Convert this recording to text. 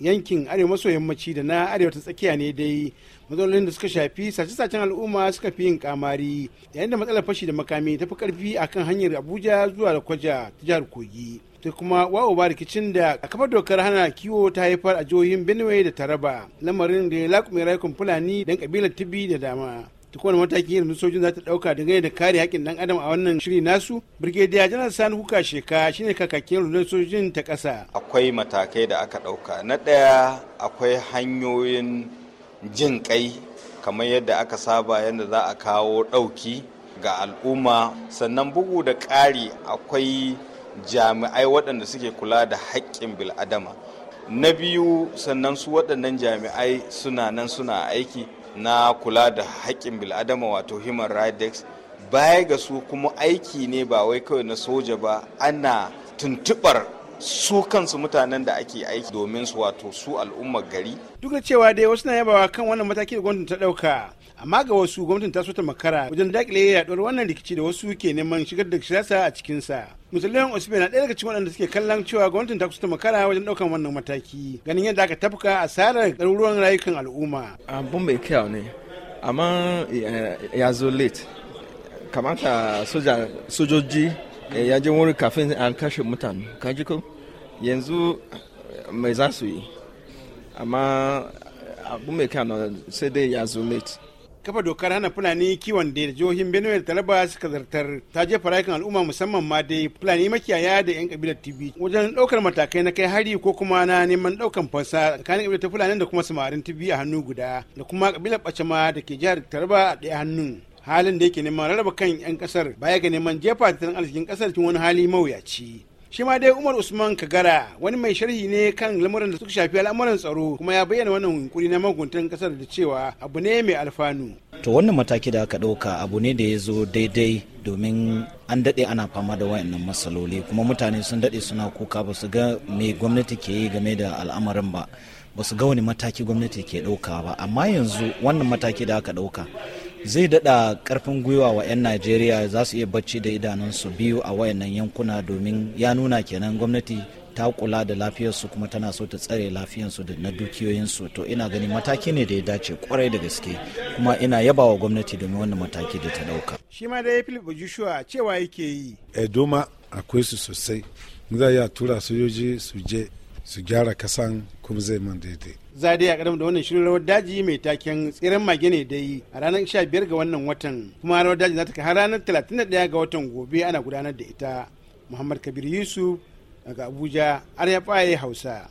yankin arewa maso yammaci da na arewa ta tsakiya ne dai matsalolin da suka shafi sace-sacen al'umma suka fi yin kamari yayin da matsalar fashi da makami ta fi karfi kan hanyar abuja zuwa da kwaja ta jihar kogi ta kuma wawo ba rikicin da a kafa dokar hana kiwo ta haifar a jihohin benue da taraba lamarin da ya laƙume rayukan fulani dan kabilar tibi da dama duk wani mataki yanzu sojin za ta dauka dangane da kare haƙƙin ɗan adam a wannan shiri nasu birgediya janar sani huka sheka shine kakakin rundunar sojin ta ƙasa akwai matakai da aka ɗauka na ɗaya akwai hanyoyin jin kai kamar yadda aka saba yadda za a kawo ɗauki ga al'umma sannan bugu da ƙari akwai jami'ai waɗanda suke kula da haƙƙin bil'adama na biyu sannan su waɗannan jami'ai suna nan suna aiki na kula da haƙƙin bil'adama wato human rights baya ga su kuma aiki ne ba wai kawai na soja ba ana tuntuɓar su kansu mutanen da ake aiki domin su wato su al'ummar gari. Duk da cewa dai wasu na yabawa kan wannan mataki da gwamnatin ta dauka amma ga wasu gwamnatin ta so makara wajen dakile yaduwar wannan rikici da wasu ke neman shigar da siyasa a cikinsa. musulman Osibe na ɗaya daga cikin waɗanda suke kallon cewa gwamnatin ta kusa makara wajen ɗaukan wannan mataki ganin yadda aka tafka asarar ɗaruruwan rayukan al'umma. abun mai kyau ne amma eh, ya zo late kamata sojoji Eh, ya je wuri kafin an kashe mutane kaji ko yanzu mai za su yi amma abu mai kano sai dai ya zo late kafa dokar hana fulani kiwon da jihohin benue da talaba suka zartar ta jefa rayukan al'umma musamman ma dai fulani makiyaya da yan kabilar tibi wajen daukar matakai na kai hari ko kuma na neman daukan fansa tsakanin kabilar fulani da kuma samarin tibi a hannu guda da kuma kabilar bacema da ke jihar taraba a daya hannun halin da yake neman rarraba kan 'yan kasar baya ga neman jefa tattalin arzikin kasar cikin wani hali mawuyaci shi ma dai umar usman kagara wani mai sharhi ne kan lamuran da suka shafi al'amuran tsaro kuma ya bayyana wannan hunkuri na maguntan kasar da cewa abu ne mai alfanu to wannan mataki da aka ɗauka abu ne da ya zo daidai domin an daɗe ana fama da wayannan matsaloli kuma mutane sun daɗe suna kuka ba su ga me gwamnati ke yi game da al'amarin ba ba su ga wani mataki gwamnati ke ɗauka ba amma yanzu wannan mataki da aka ɗauka zai daɗa ƙarfin gwiwa wa 'yan najeriya za su iya bacci da idanunsu biyu a wayannan yankuna domin ya nuna kenan gwamnati ta kula da lafiyarsu kuma tana so ta tsare lafiyarsu da na dukiyoyinsu to ina gani mataki ne da ya dace kwarai da gaske kuma ina yabawa gwamnati domin wannan mataki da ta ɗauka. shi ma da ya fi joshua cewa yake yi edoma eh, akwai su sosai za a tura sojoji su je su gyara kasan kuma zai man daidai. Za a da wannan shirin rawar daji mai taken tseren mage ne dai a ranar 15 ga wannan watan kuma rawar daji za ta kai har ranar 31 ga watan gobe ana gudanar da ita. Muhammad Kabir Yusuf daga Abuja, Arya Hausa.